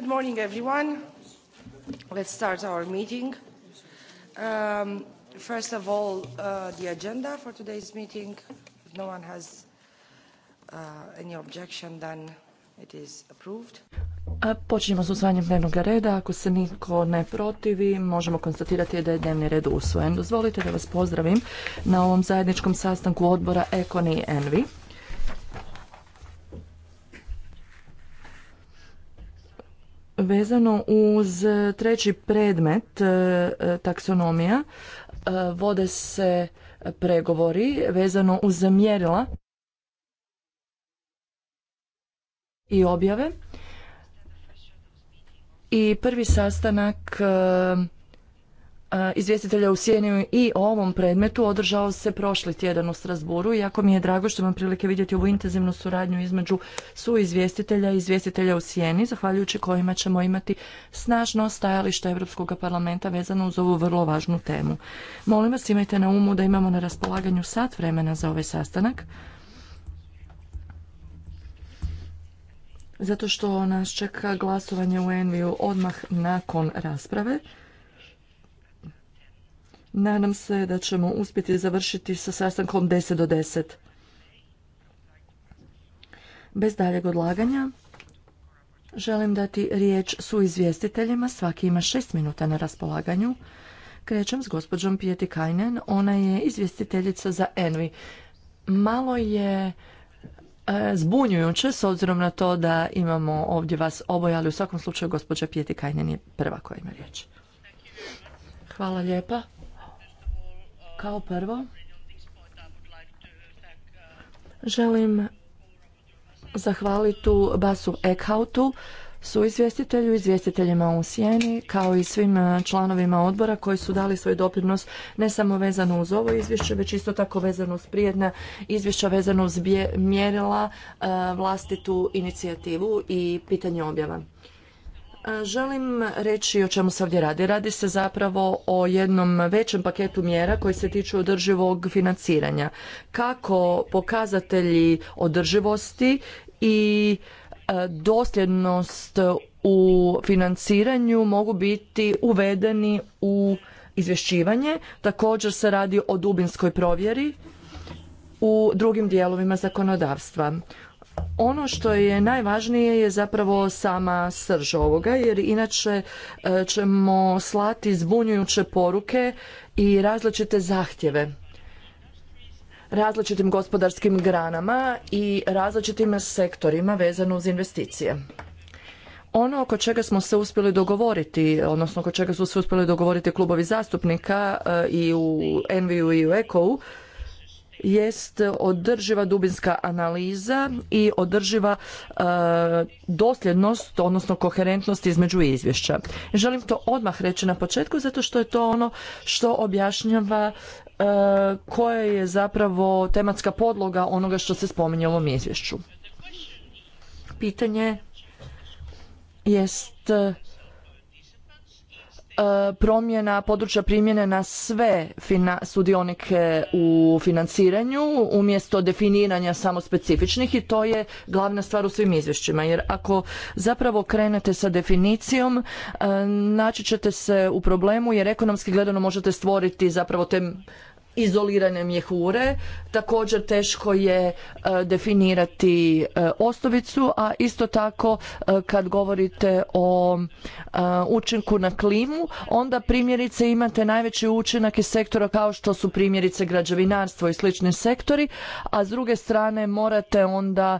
Good morning, everyone. Let's start our meeting. Um, first of all, uh, the agenda for today's meeting. If no one has uh, any objection, then it is approved. Počinjemo s usvajanjem dnevnog reda. Ako se niko ne protivi, možemo konstatirati da je dnevni red usvojen. Dozvolite da vas pozdravim na ovom zajedničkom sastanku odbora Econi i Envi. vezano uz treći predmet e, taksonomija e, vode se pregovori vezano uz mjerila i objave i prvi sastanak e, izvjestitelja u Sjeniju i o ovom predmetu održao se prošli tjedan u Strasburu i jako mi je drago što imam prilike vidjeti ovu intenzivnu suradnju između izvjestitelja i izvjestitelja u Sjeni, zahvaljujući kojima ćemo imati snažno stajalište Europskog parlamenta vezano uz ovu vrlo važnu temu. Molim vas imajte na umu da imamo na raspolaganju sat vremena za ovaj sastanak. Zato što nas čeka glasovanje u Enviju odmah nakon rasprave. Nadam se da ćemo uspjeti završiti sa sastankom 10 do 10. Bez daljeg odlaganja želim dati riječ su izvjestiteljima. Svaki ima šest minuta na raspolaganju. Krećem s gospođom Pijeti Kajnen. Ona je izvjestiteljica za Envi. Malo je e, zbunjujuće s obzirom na to da imamo ovdje vas oboje, ali u svakom slučaju gospođa Pijeti Kajnen je prva koja ima riječ. Hvala lijepa. Kao prvo, želim zahvaliti Basu Eckhoutu, su izvjestitelju, izvjestiteljima u sjeni kao i svim e, članovima odbora koji su dali svoj doprinos ne samo vezano uz ovo izvješće, već isto tako vezano uz prijedna izvješća vezano uz mjerila, e, vlastitu inicijativu i pitanje objava. Želim reći o čemu se ovdje radi. Radi se zapravo o jednom većem paketu mjera koji se tiču održivog financiranja. Kako pokazatelji održivosti i dosljednost u financiranju mogu biti uvedeni u izvješćivanje. Također se radi o dubinskoj provjeri u drugim dijelovima zakonodavstva ono što je najvažnije je zapravo sama srž ovoga jer inače e, ćemo slati zbunjujuće poruke i različite zahtjeve različitim gospodarskim granama i različitim sektorima vezano uz investicije. Ono oko čega smo se uspjeli dogovoriti, odnosno oko čega su se uspjeli dogovoriti klubovi zastupnika e, i u Enviju i u Ekovu, jest održiva dubinska analiza i održiva e, dosljednost, odnosno koherentnost između izvješća. Želim to odmah reći na početku zato što je to ono što objašnjava e, koja je zapravo tematska podloga onoga što se spominje u ovom izvješću. Pitanje jest E, promjena područja primjene na sve sudionike u financiranju umjesto definiranja samo specifičnih i to je glavna stvar u svim izvješćima jer ako zapravo krenete sa definicijom e, naći ćete se u problemu jer ekonomski gledano možete stvoriti zapravo te izolirane mjehure, također teško je e, definirati e, osnovicu, a isto tako e, kad govorite o učinku na klimu, onda primjerice imate najveći učinak iz sektora kao što su primjerice građevinarstvo i slični sektori, a s druge strane morate onda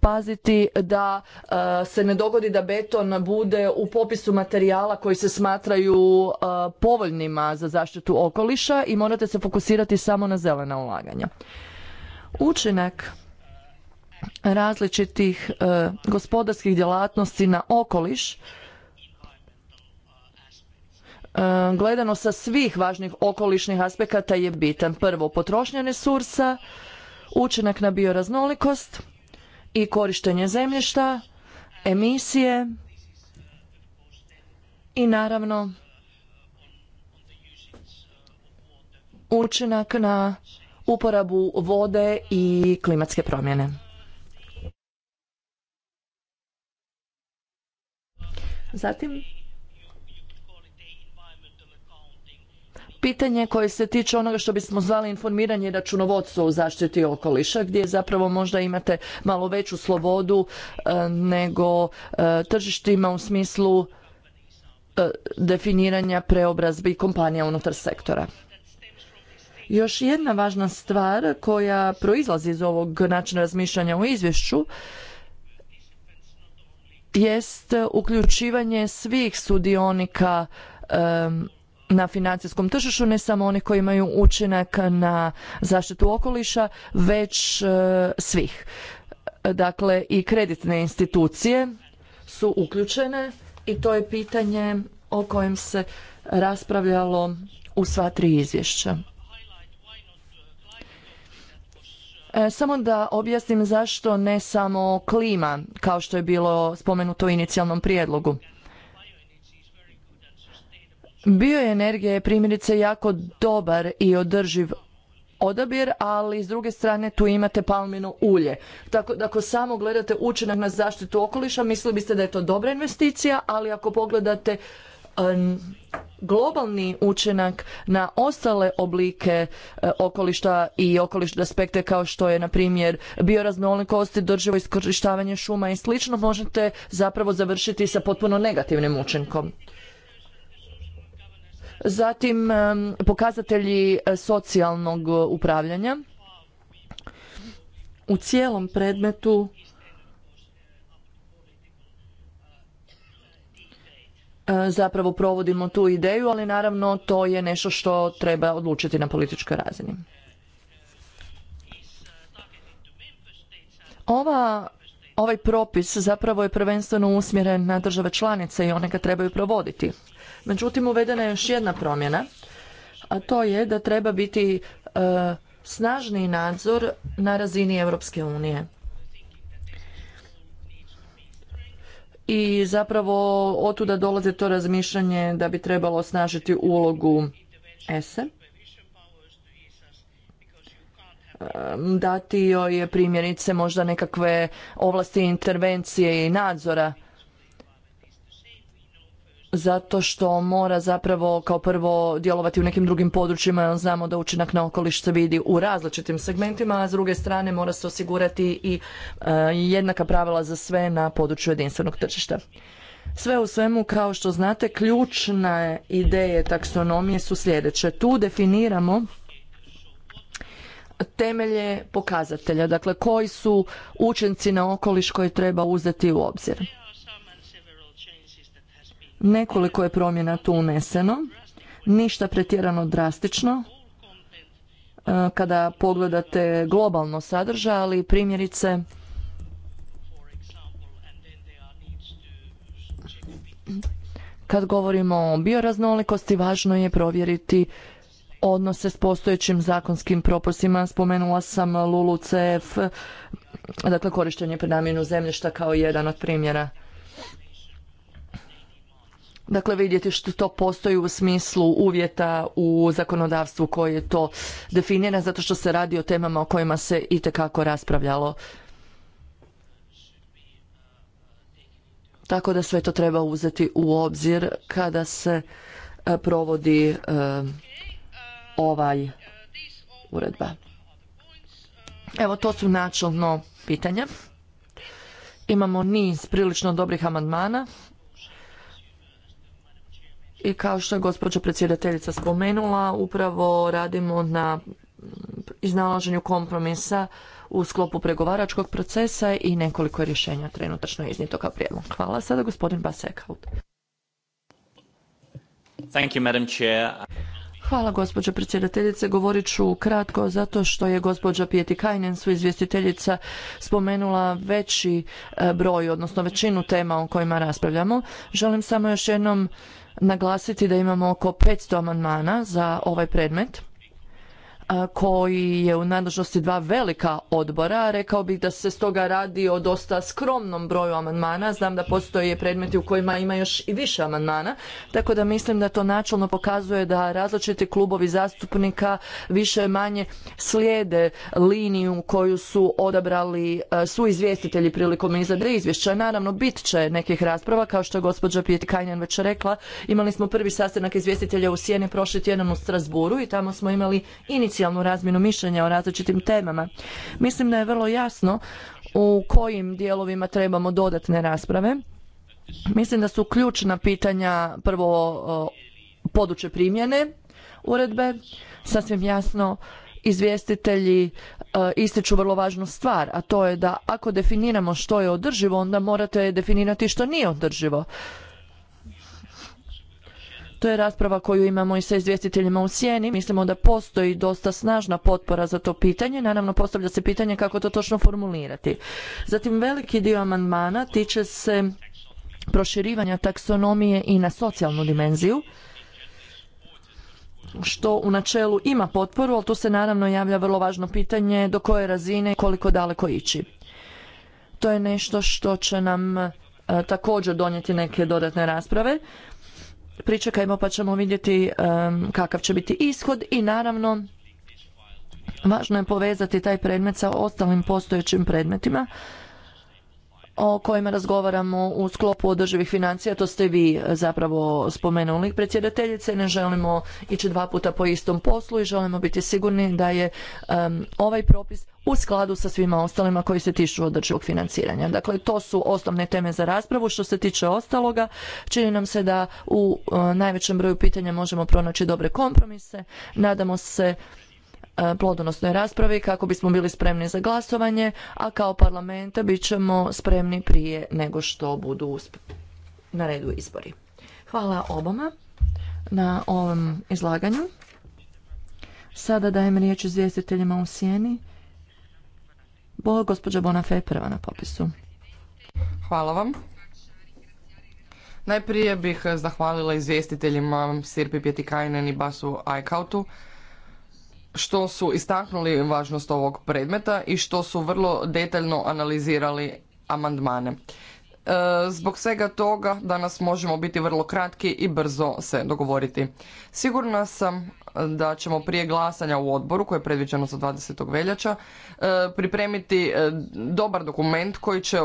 paziti da e, se ne dogodi da beton bude u popisu materijala koji se smatraju e, povoljnima za zaštitu okoliša i morate se fokusirati samo na zelena ulaganja. Učinak različitih e, gospodarskih djelatnosti na okoliš gledano sa svih važnih okolišnih aspekata je bitan. Prvo, potrošnja resursa, učinak na bioraznolikost, i korištenje zemljišta, emisije i naravno učinak na uporabu vode i klimatske promjene. Zatim pitanje koje se tiče onoga što bismo zvali informiranje i računovodstvo u zaštiti okoliša gdje zapravo možda imate malo veću slobodu e, nego e, tržištima u smislu e, definiranja preobrazbi kompanija unutar sektora. Još jedna važna stvar koja proizlazi iz ovog načina razmišljanja u izvješću jest uključivanje svih sudionika na financijskom tržištu, ne samo onih koji imaju učinak na zaštitu okoliša, već e, svih. Dakle, i kreditne institucije su uključene i to je pitanje o kojem se raspravljalo u sva tri izvješća. E, samo da objasnim zašto ne samo klima, kao što je bilo spomenuto u inicijalnom prijedlogu. Bioenergija je primjerice jako dobar i održiv odabir, ali s druge strane tu imate palminu ulje. Tako da ako samo gledate učinak na zaštitu okoliša, mislili biste da je to dobra investicija, ali ako pogledate globalni učinak na ostale oblike e, okolišta i okolišne aspekte kao što je na primjer bioraznolikost, drživo iskorištavanje šuma i slično možete zapravo završiti sa potpuno negativnim učinkom zatim pokazatelji e, socijalnog e, upravljanja. U cijelom predmetu e, zapravo provodimo tu ideju, ali naravno to je nešto što treba odlučiti na političkoj razini. Ova, ovaj propis zapravo je prvenstveno usmjeren na države članice i one ga trebaju provoditi. Međutim, uvedena je još jedna promjena, a to je da treba biti e, snažni nadzor na razini Europske unije. I zapravo otuda dolazi to razmišljanje da bi trebalo snažiti ulogu ESE. E, dati joj je primjerice možda nekakve ovlasti intervencije i nadzora zato što mora zapravo kao prvo djelovati u nekim drugim područjima jer znamo da učinak na okoliš se vidi u različitim segmentima, a s druge strane mora se osigurati i eh, jednaka pravila za sve na području jedinstvenog tržišta. Sve u svemu, kao što znate, ključne ideje taksonomije su sljedeće. Tu definiramo temelje pokazatelja, dakle koji su učinci na okoliš koji treba uzeti u obzir. Nekoliko je promjena tu uneseno, ništa pretjerano drastično e, kada pogledate globalno sadržaj, ali primjerice kad govorimo o bioraznolikosti važno je provjeriti odnose s postojećim zakonskim propisima. Spomenula sam LULUCF, cf dakle korištenje prenamjenu zemljišta kao jedan od primjera dakle vidjeti što to postoji u smislu uvjeta u zakonodavstvu koje je to definira zato što se radi o temama o kojima se itekako raspravljalo. Tako da sve to treba uzeti u obzir kada se e, provodi e, ovaj uredba. Evo to su načelno pitanja. Imamo niz prilično dobrih amandmana i kao što je gospođa predsjedateljica spomenula, upravo radimo na iznalaženju kompromisa u sklopu pregovaračkog procesa i nekoliko rješenja trenutačno iznijeto kao prijedlog. Hvala. Sada gospodin Bas Thank you, Madam Chair. Hvala gospođo predsjedateljice. Govorit ću kratko zato što je gospođa pieti Kajnen, su izvjestiteljica, spomenula veći e, broj, odnosno većinu tema o kojima raspravljamo. Želim samo još jednom naglasiti da imamo oko 500 amandmana za ovaj predmet koji je u nadležnosti dva velika odbora. Rekao bih da se stoga radi o dosta skromnom broju amandmana. Znam da postoje predmeti u kojima ima još i više amandmana, tako da mislim da to načelno pokazuje da različiti klubovi zastupnika više manje slijede liniju koju su odabrali su izvjestitelji prilikom izrade izvješća. Naravno, bit će nekih rasprava, kao što je gospođa Pijetikajnjan već rekla. Imali smo prvi sastanak izvjestitelja u Sjeni prošli tjedan u Strasburu i tamo smo imali inicijativu socijalnu razmjenu mišljenja o različitim temama. Mislim da je vrlo jasno u kojim dijelovima trebamo dodatne rasprave. Mislim da su ključna pitanja prvo područje primjene uredbe. Sasvim jasno izvjestitelji e, ističu vrlo važnu stvar, a to je da ako definiramo što je održivo, onda morate definirati što nije održivo. To je rasprava koju imamo i sa izvjestiteljima u sjeni. Mislimo da postoji dosta snažna potpora za to pitanje. Naravno, postavlja se pitanje kako to točno formulirati. Zatim, veliki dio amandmana tiče se proširivanja taksonomije i na socijalnu dimenziju što u načelu ima potporu, ali tu se naravno javlja vrlo važno pitanje do koje razine i koliko daleko ići. To je nešto što će nam e, također donijeti neke dodatne rasprave pričekajmo pa ćemo vidjeti kakav će biti ishod i naravno važno je povezati taj predmet sa ostalim postojećim predmetima o kojima razgovaramo u sklopu održivih financija, to ste vi e, zapravo spomenuli predsjedateljice, ne želimo ići dva puta po istom poslu i želimo biti sigurni da je ovaj propis u skladu sa svima ostalima koji se tiču održivog financiranja. Dakle, to su osnovne teme za raspravu. Što se tiče ostaloga, čini nam se da u e, najvećem broju pitanja možemo pronaći dobre kompromise. Nadamo se E, plodonosnoj raspravi kako bismo bili spremni za glasovanje, a kao parlamenta bit ćemo spremni prije nego što budu na redu izbori. Hvala obama na ovom izlaganju. Sada dajem riječ izvjestiteljima u sjeni. Bo, gospođa Bona prva na popisu. Hvala vam. Najprije bih zahvalila izvjestiteljima Sirpi Pjetikajnen i Basu Ajkautu što su istaknuli važnost ovog predmeta i što su vrlo detaljno analizirali amandmane. E, zbog svega toga danas možemo biti vrlo kratki i brzo se dogovoriti. Sigurna sam da ćemo prije glasanja u odboru, koje je predviđeno za 20. veljača, e, pripremiti e, dobar dokument koji će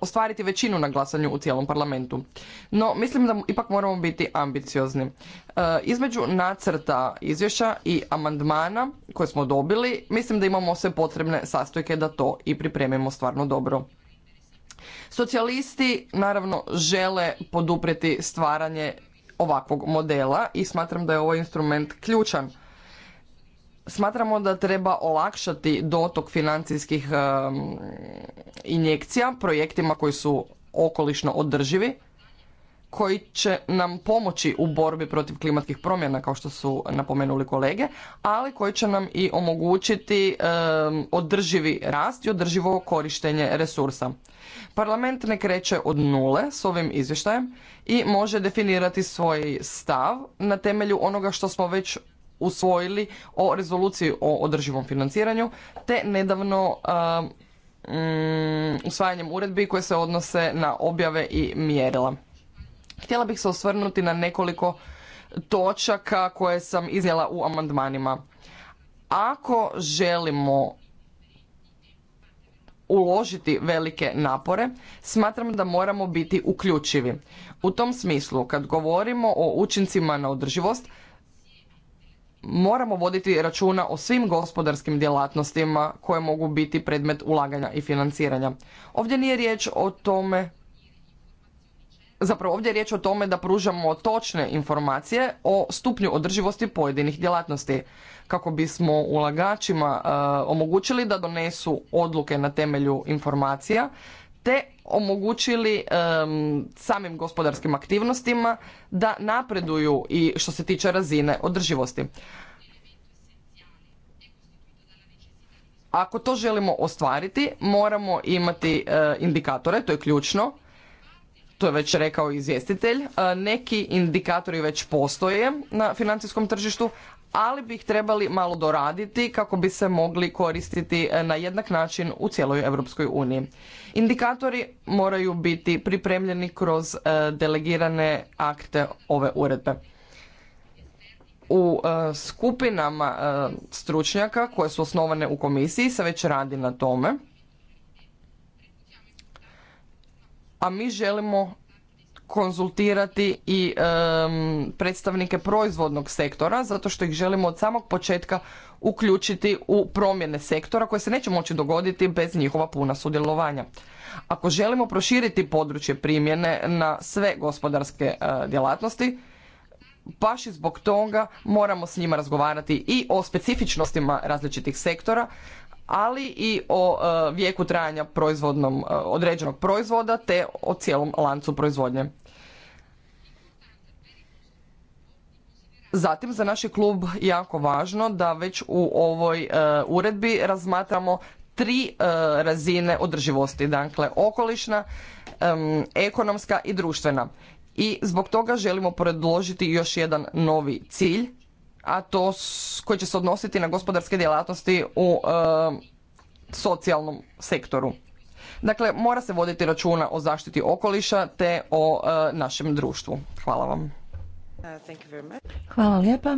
ostvariti većinu na glasanju u cijelom parlamentu. No, mislim da ipak moramo biti ambiciozni. E, između nacrta izvješća i amandmana koje smo dobili, mislim da imamo sve potrebne sastojke da to i pripremimo stvarno dobro. Socijalisti naravno žele poduprijeti stvaranje ovakvog modela i smatram da je ovaj instrument ključan smatramo da treba olakšati dotok financijskih injekcija projektima koji su okolišno održivi koji će nam pomoći u borbi protiv klimatskih promjena kao što su napomenuli kolege, ali koji će nam i omogućiti održivi rast i održivo korištenje resursa. Parlament ne kreće od nule s ovim izvještajem i može definirati svoj stav na temelju onoga što smo već usvojili o rezoluciji o održivom financiranju te nedavno mm, usvajanjem uredbi koje se odnose na objave i mjerila. Htjela bih se osvrnuti na nekoliko točaka koje sam iznijela u amandmanima. Ako želimo uložiti velike napore, smatram da moramo biti uključivi. U tom smislu, kad govorimo o učincima na održivost, moramo voditi računa o svim gospodarskim djelatnostima koje mogu biti predmet ulaganja i financiranja. Ovdje nije riječ o tome Zapravo ovdje je riječ o tome da pružamo točne informacije o stupnju održivosti pojedinih djelatnosti kako bismo ulagačima eh, omogućili da donesu odluke na temelju informacija te omogućili samim gospodarskim aktivnostima da napreduju i što se tiče razine održivosti. Ako to želimo ostvariti, moramo imati e, indikatore, to je ključno. To je već rekao izvjestitelj. E, neki indikatori već postoje na financijskom tržištu, ali bi ih trebali malo doraditi kako bi se mogli koristiti e, na jednak način u cijeloj Europskoj uniji. Indikatori moraju biti pripremljeni kroz e, delegirane akte ove uredbe. U e, skupinama stručnjaka koje su osnovane u komisiji se već radi na tome, a mi želimo konzultirati i predstavnike proizvodnog sektora zato što ih želimo od samog početka uključiti u promjene sektora koje se neće moći dogoditi bez njihova puna sudjelovanja. Ako želimo proširiti područje primjene na sve gospodarske eh, djelatnosti, baš i zbog toga moramo s njima razgovarati i o specifičnostima različitih sektora, ali i o eh, vijeku trajanja proizvodnom eh, određenog proizvoda te o cijelom lancu proizvodnje. Zatim za naš klub jako važno da već u ovoj e, uredbi razmatramo tri e, razine održivosti, dakle okolišna, ekonomska i društvena. I zbog toga želimo predložiti još jedan novi cilj, a to s, koji će se odnositi na gospodarske djelatnosti u e, socijalnom sektoru. Dakle, mora se voditi računa o zaštiti okoliša te o našem društvu. Hvala vam. Hvala lijepa.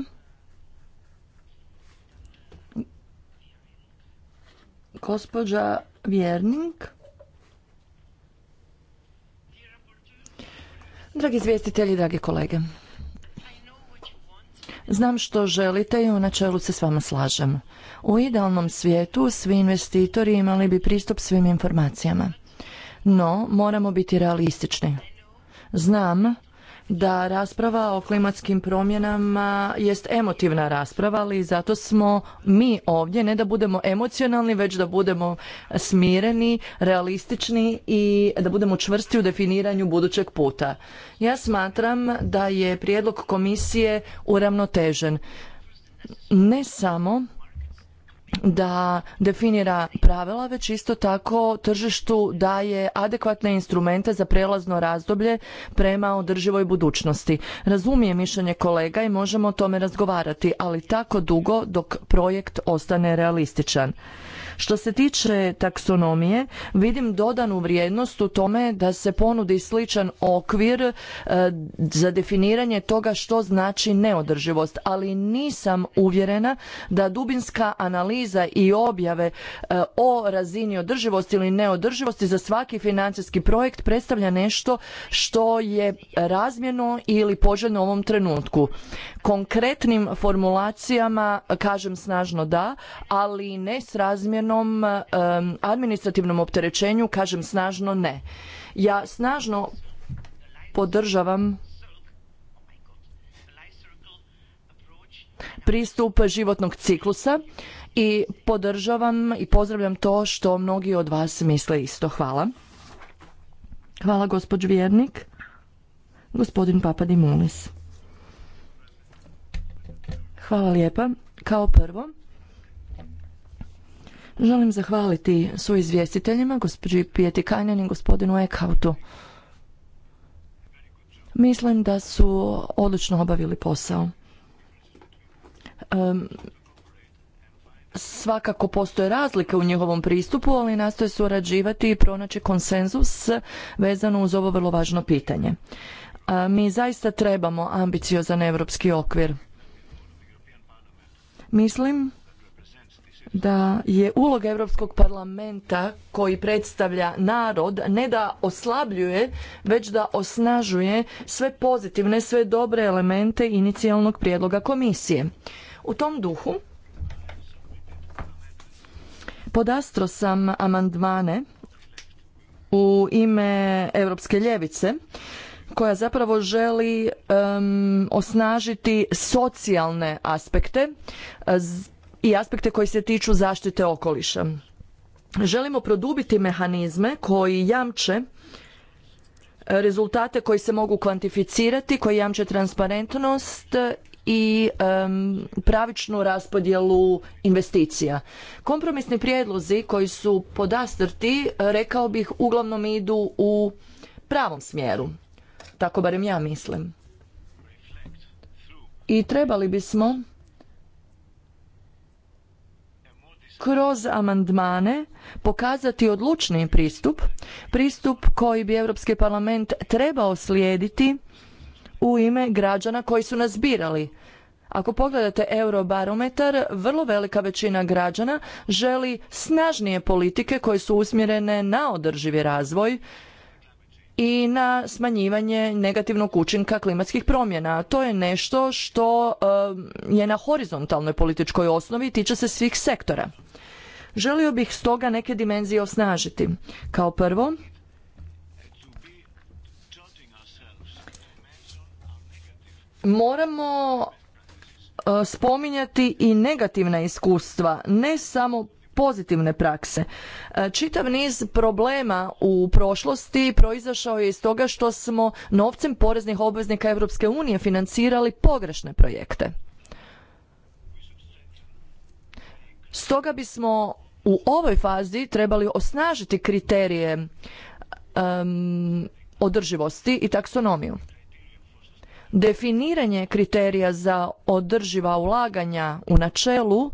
Gospođa Vjernik? Dragi izvjestitelji, dragi kolege. Znam što želite i u načelu se s vama slažem. U idealnom svijetu svi investitori imali bi pristup svim informacijama. No, moramo biti realistični. Znam da rasprava o klimatskim promjenama jest emotivna rasprava, ali zato smo mi ovdje ne da budemo emocionalni, već da budemo smireni, realistični i da budemo čvrsti u definiranju budućeg puta. Ja smatram da je prijedlog komisije uravnotežen. Ne samo da definira pravila, već isto tako tržištu daje adekvatne instrumente za prelazno razdoblje prema održivoj budućnosti. Razumije mišljenje kolega i možemo o tome razgovarati, ali tako dugo dok projekt ostane realističan. Što se tiče taksonomije, vidim dodanu vrijednost u tome da se ponudi sličan okvir e, za definiranje toga što znači neodrživost, ali nisam uvjerena da dubinska analiza i objave e, o razini održivosti ili neodrživosti za svaki financijski projekt predstavlja nešto što je razmjerno ili poželjno u ovom trenutku. Konkretnim formulacijama kažem snažno da, ali ne srazmjerno prekomjernom administrativnom opterećenju kažem snažno ne. Ja snažno podržavam pristup životnog ciklusa i podržavam i pozdravljam to što mnogi od vas misle isto. Hvala. Hvala gospođ Vjernik. Gospodin Papadimulis. Hvala lijepa. Kao prvo, Želim zahvaliti su izvjestiteljima, gospođi Pijeti Kajnen i gospodinu Ekautu. Mislim da su odlično obavili posao. svakako postoje razlike u njihovom pristupu, ali nastoje surađivati i pronaći konsenzus vezano uz ovo vrlo važno pitanje. mi zaista trebamo ambiciozan europski okvir. Mislim da je uloga Europskog parlamenta koji predstavlja narod ne da oslabljuje, već da osnažuje sve pozitivne, sve dobre elemente inicijalnog prijedloga komisije. U tom duhu podastro sam amandmane u ime Europske ljevice koja zapravo želi osnažiti socijalne aspekte i aspekte koji se tiču zaštite okoliša. Želimo produbiti mehanizme koji jamče e, rezultate koji se mogu kvantificirati, koji jamče transparentnost i pravičnu raspodjelu investicija. Kompromisni prijedlozi koji su podastrti, e, rekao bih, uglavnom idu u pravom smjeru. Tako barem ja mislim. I trebali bismo kroz amandmane pokazati odlučni pristup, pristup koji bi Europski parlament trebao slijediti u ime građana koji su nas birali. Ako pogledate Eurobarometar, vrlo velika većina građana želi snažnije politike koje su usmjerene na održivi razvoj i na smanjivanje negativnog učinka klimatskih promjena. To je nešto što eh, je na horizontalnoj političkoj osnovi i tiče se svih sektora. Želio bih stoga neke dimenzije osnažiti. Kao prvo, moramo e, spominjati i negativna iskustva, ne samo pozitivne prakse. E, čitav niz problema u prošlosti proizašao je iz toga što smo novcem poreznih obveznika Europske unije financirali pogrešne projekte. Stoga bismo u ovoj fazi trebali osnažiti kriterije održivosti i taksonomiju. Definiranje kriterija za održiva ulaganja u načelu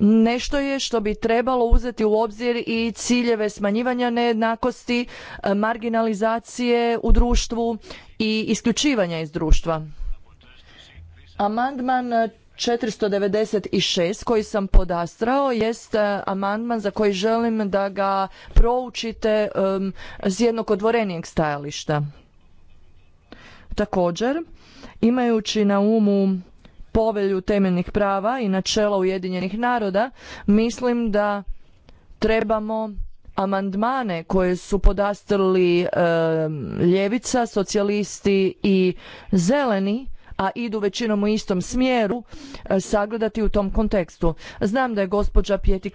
nešto je što bi trebalo uzeti u obzir i ciljeve smanjivanja nejednakosti, e, marginalizacije u društvu i isključivanja iz društva. Amandman 496 koji sam podastrao jest e, amandman za koji želim da ga proučite s jednog odvorenijeg stajališta. Također, imajući na umu povelju temeljnih prava i načela Ujedinjenih naroda, mislim da trebamo amandmane koje su podastrli ljevica, socijalisti i zeleni a idu većinom u istom smjeru e, sagledati u tom kontekstu. Znam da je gospođa Pjeti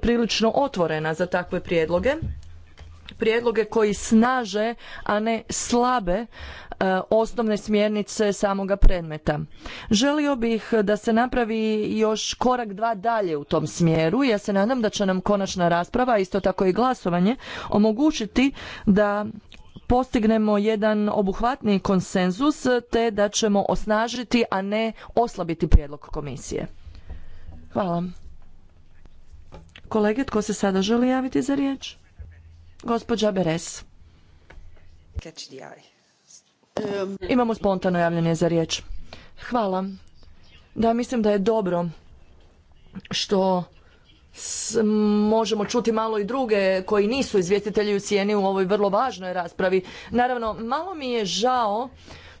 prilično otvorena za takve prijedloge prijedloge koji snaže, a ne slabe e, osnovne smjernice samoga predmeta. Želio bih da se napravi još korak dva dalje u tom smjeru. Ja se nadam da će nam konačna rasprava, isto tako i glasovanje, omogućiti da postignemo jedan obuhvatni konsenzus te da ćemo osnažiti, a ne oslabiti prijedlog komisije. Hvala. Kolege, tko se sada želi javiti za riječ? Gospođa Beres. Um, imamo spontano javljanje za riječ. Hvala. Da, mislim da je dobro što možemo čuti malo i druge koji nisu izvjestitelji u cijeni u ovoj vrlo važnoj raspravi. Naravno, malo mi je žao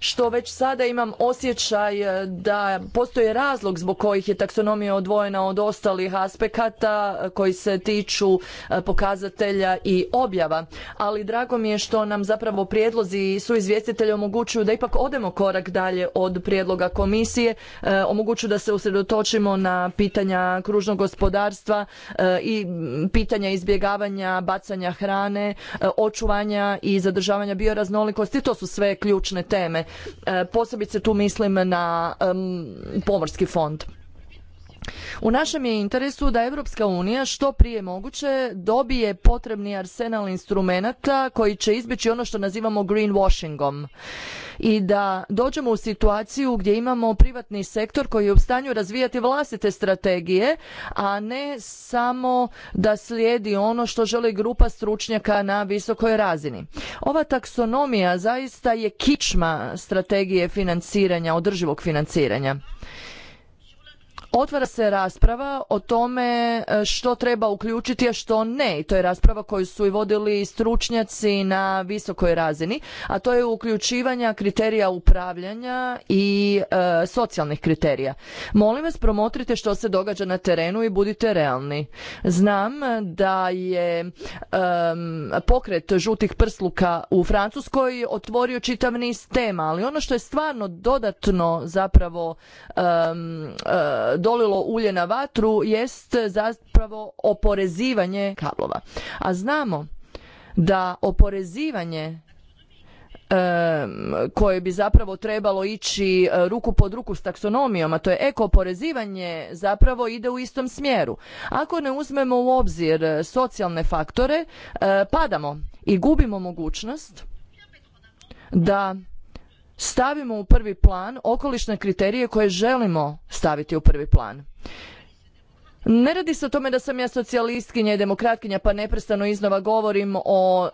što već sada imam osjećaj e, da postoji razlog zbog kojih je taksonomija odvojena od ostalih aspekata e, koji se tiču e, pokazatelja i objava. Ali drago mi je što nam zapravo prijedlozi su suizvjestitelji omogućuju da ipak odemo korak dalje od prijedloga komisije, omogućuju da se usredotočimo na pitanja kružnog gospodarstva i pitanja izbjegavanja bacanja hrane, očuvanja i zadržavanja bioraznolikosti. To su sve ključne teme. E, posebice tu mislim na pomorski fond. U našem je interesu da Europska unija što prije moguće dobije potrebni arsenal instrumenata koji će izbjeći ono što nazivamo greenwashingom i da dođemo u situaciju gdje imamo privatni sektor koji je u stanju razvijati vlastite strategije, a ne samo da slijedi ono što želi grupa stručnjaka na visokoj razini. Ova taksonomija zaista je kičma strategije financiranja, održivog financiranja. Otvara se rasprava o tome e, što treba uključiti, a što ne. I to je rasprava koju su i vodili stručnjaci na visokoj razini, a to je uključivanja kriterija upravljanja i e, socijalnih kriterija. Molim vas, promotrite što se događa na terenu i budite realni. Znam da je pokret žutih prsluka u Francuskoj otvorio čitav niz tema, ali ono što je stvarno dodatno zapravo e, dolilo ulje na vatru jest zapravo oporezivanje kablova. A znamo da oporezivanje koje bi zapravo trebalo ići e, ruku pod ruku s taksonomijom, a to je oporezivanje zapravo ide u istom smjeru. Ako ne uzmemo u obzir e, socijalne faktore, e, padamo i gubimo mogućnost da stavimo u prvi plan okolišne kriterije koje želimo staviti u prvi plan. Ne radi se o tome da sam ja socijalistkinja i demokratkinja pa neprestano iznova govorim o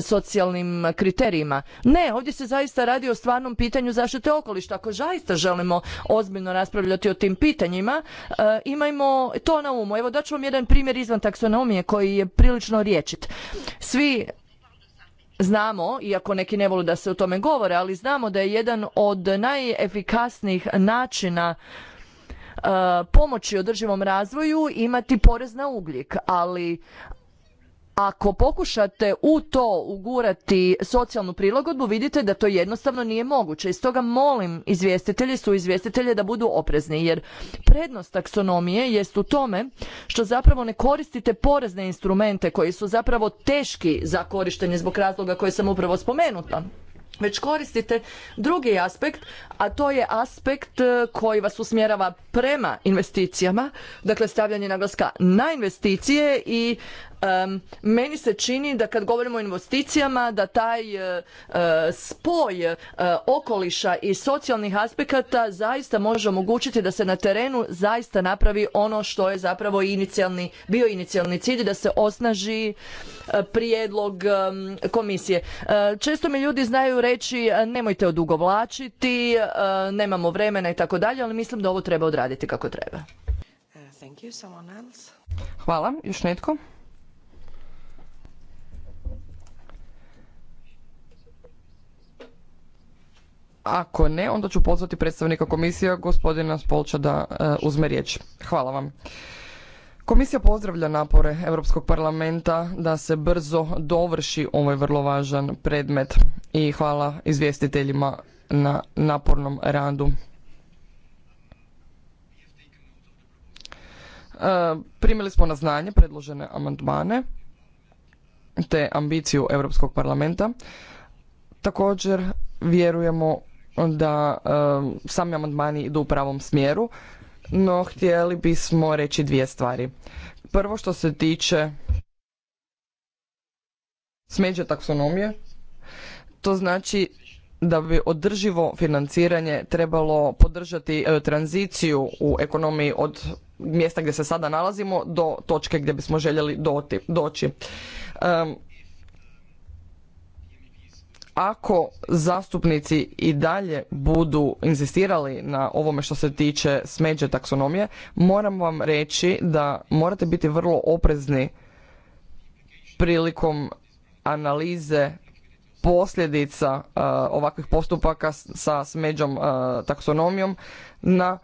socijalnim kriterijima. Ne, ovdje se zaista radi o stvarnom pitanju zaštite okoliša. Ako zaista želimo ozbiljno raspravljati o tim pitanjima, eh, imajmo to na umu. Evo daću vam jedan primjer izvan taksonomije koji je prilično riječit. Svi Znamo, iako neki ne vole da se o tome govore, ali znamo da je jedan od najefikasnijih načina e, pomoći održivom razvoju imati porez na ugljik, ali ako pokušate u to ugurati socijalnu prilagodbu, vidite da to jednostavno nije moguće. I stoga molim izvjestitelje, su izvjestitelje da budu oprezni, jer prednost taksonomije jest u tome što zapravo ne koristite porezne instrumente koji su zapravo teški za korištenje zbog razloga koje sam upravo spomenuta već koristite drugi aspekt, a to je aspekt e, koji vas usmjerava prema investicijama, dakle stavljanje naglaska na investicije i meni se čini da kad govorimo o investicijama da taj e, e, spoj e, okoliša i socijalnih aspekata zaista može omogućiti da se na terenu zaista napravi ono što je zapravo inicijalni, bio inicijalni cilj da se osnaži prijedlog komisije. Često mi ljudi znaju reći nemojte odugovlačiti, nemamo vremena i tako dalje, ali mislim da ovo treba odraditi kako treba. Uh, Hvala. Još netko? Ako ne, onda ću pozvati predstavnika komisije, gospodina Spolča, da e, uzme riječ. Hvala vam. Komisija pozdravlja napore Europskog parlamenta da se brzo dovrši ovaj vrlo važan predmet i hvala izvjestiteljima na napornom radu. E, primili smo na znanje predložene amandmane te ambiciju Europskog parlamenta. Također vjerujemo da um, sami amandmani idu u pravom smjeru, no htjeli bismo reći dvije stvari. Prvo što se tiče smeđe taksonomije, to znači da bi održivo financiranje trebalo podržati e, tranziciju u ekonomiji od mjesta gdje se sada nalazimo do točke gdje bismo željeli doći. Um, ako zastupnici i dalje budu inzistirali na ovome što se tiče smeđe taksonomije, moram vam reći da morate biti vrlo oprezni prilikom analize posljedica e, ovakvih postupaka sa smeđom e, taksonomijom na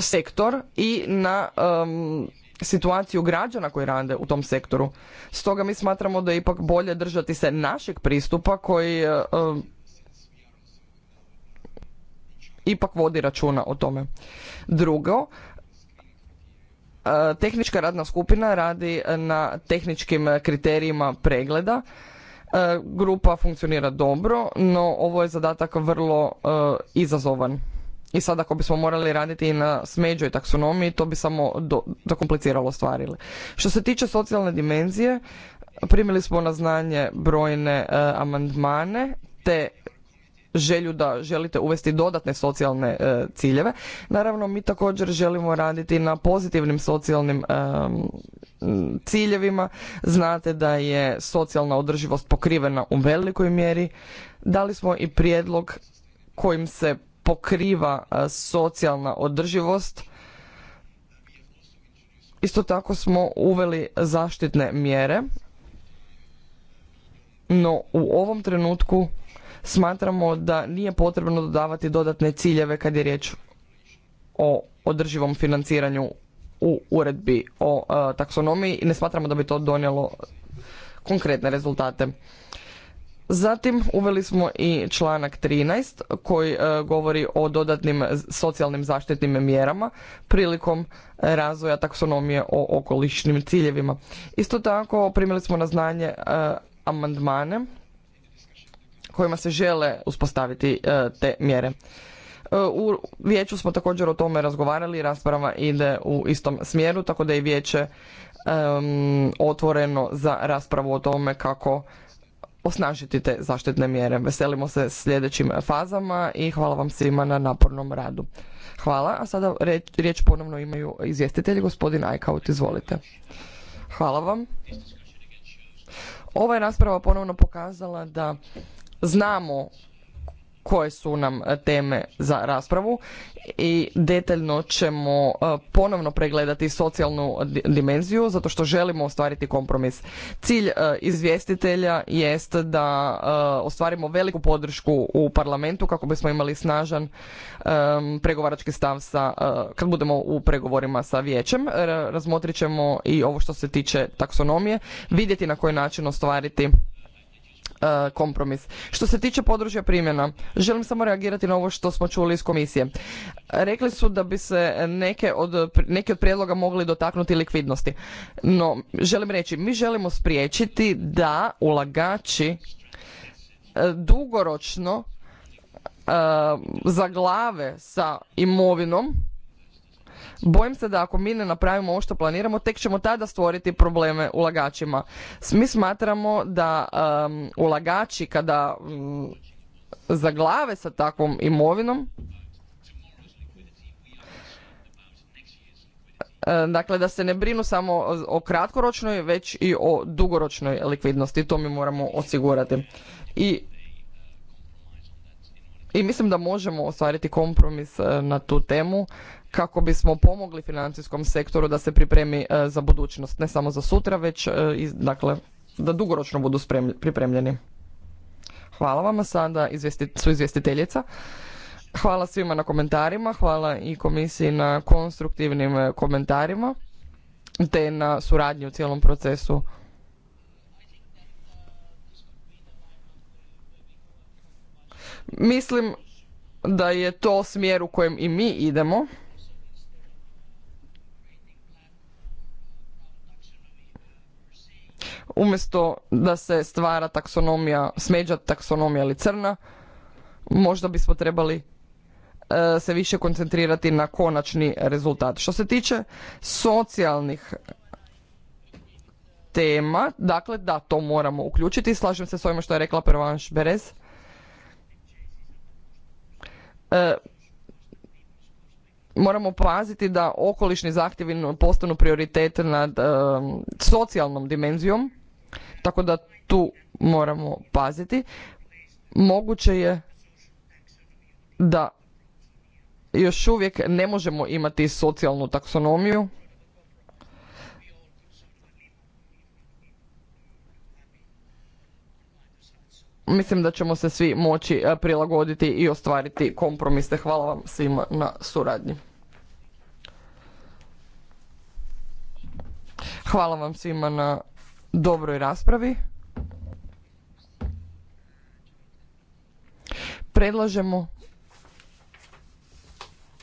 sektor i na situaciju građana koji rade u tom sektoru. Stoga mi smatramo da je ipak bolje držati se našeg pristupa koji e, e, ipak vodi računa o tome. Drugo, e, tehnička radna skupina radi na tehničkim kriterijima pregleda. grupa funkcionira dobro, no ovo je zadatak vrlo izazovan. I sad ako bismo morali raditi i na smeđoj taksonomiji, to bi samo zakompliciralo dokompliciralo stvari. Što se tiče socijalne dimenzije, primili smo na znanje brojne e, amandmane te želju da želite uvesti dodatne socijalne e, ciljeve. Naravno, mi također želimo raditi na pozitivnim socijalnim e, ciljevima. Znate da je socijalna održivost pokrivena u velikoj mjeri. Dali smo i prijedlog kojim se pokriva e, socijalna održivost. Isto tako smo uveli zaštitne mjere, no u ovom trenutku smatramo da nije potrebno dodavati dodatne ciljeve kad je riječ o održivom financiranju u uredbi o e, taksonomiji i ne smatramo da bi to donijelo konkretne rezultate. Zatim uveli smo i članak 13 koji e, govori o dodatnim socijalnim zaštitnim mjerama prilikom razvoja taksonomije o okolišnim ciljevima. Isto tako primili smo na znanje e, amandmane kojima se žele uspostaviti e, te mjere. U vijeću smo također o tome razgovarali, rasprava ide u istom smjeru, tako da je vijeće otvoreno za raspravu o tome kako osnažiti te zaštitne mjere. Veselimo se sljedećim fazama i hvala vam svima na napornom radu. Hvala, a sada riječ ponovno imaju izvjestitelji, gospodin Ajkaut, izvolite. Hvala vam. Ova je rasprava ponovno pokazala da znamo koje su nam e, teme za raspravu i detaljno ćemo e, ponovno pregledati socijalnu dimenziju zato što želimo ostvariti kompromis. Cilj e, izvjestitelja jest da ostvarimo veliku podršku u parlamentu kako bismo imali snažan pregovarački stav sa, kad budemo u pregovorima sa vijećem. Razmotrit ćemo i ovo što se tiče taksonomije, vidjeti na koji način ostvariti E, kompromis. Što se tiče područja primjena, želim samo reagirati na ovo što smo čuli iz komisije. Rekli su da bi se neke od, neki od prijedloga mogli dotaknuti likvidnosti. No, želim reći, mi želimo spriječiti da ulagači e, dugoročno e, zaglave sa imovinom Bojim se da ako mi ne napravimo ovo što planiramo, tek ćemo tada stvoriti probleme ulagačima. Mi smatramo da ulagači kada mm, zaglave sa takvom imovinom, e, Dakle, da se ne brinu samo o kratkoročnoj, već i o dugoročnoj likvidnosti. To mi moramo osigurati. I, i mislim da možemo ostvariti kompromis e, na tu temu kako bismo pomogli financijskom sektoru da se pripremi e, za budućnost, ne samo za sutra, već e, dakle, da dugoročno budu pripremljeni. Hvala vama sada su izvjestiteljica. Hvala svima na komentarima, hvala i komisiji na konstruktivnim e, komentarima te na suradnji u cijelom procesu. Mislim da je to smjer u kojem i mi idemo. umjesto da se stvara taksonomija, smeđa taksonomija ili crna, možda bismo trebali e, se više koncentrirati na konačni rezultat. Što se tiče socijalnih tema, dakle da, to moramo uključiti. Slažem se s ovima što je rekla Pervanš Berez. E, moramo paziti da okolišni zahtjevi postanu prioritet nad eh, socijalnom dimenzijom, tako da tu moramo paziti. Moguće je da još uvijek ne možemo imati socijalnu taksonomiju. Mislim da ćemo se svi moći eh, prilagoditi i ostvariti kompromise. Hvala vam svima na suradnji. Hvala vam svima na dobroj raspravi. Predlažemo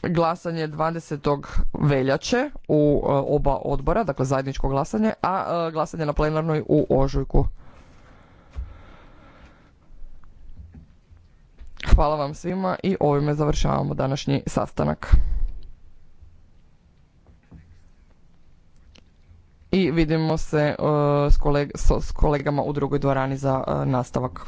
glasanje 20. veljače u e, oba odbora, dakle zajedničko glasanje, a e, glasanje na plenarnoj u ožujku. Hvala vam svima i ovime završavamo današnji sastanak. i vidimo se e, s kolegama u drugoj dvorani za e, nastavak.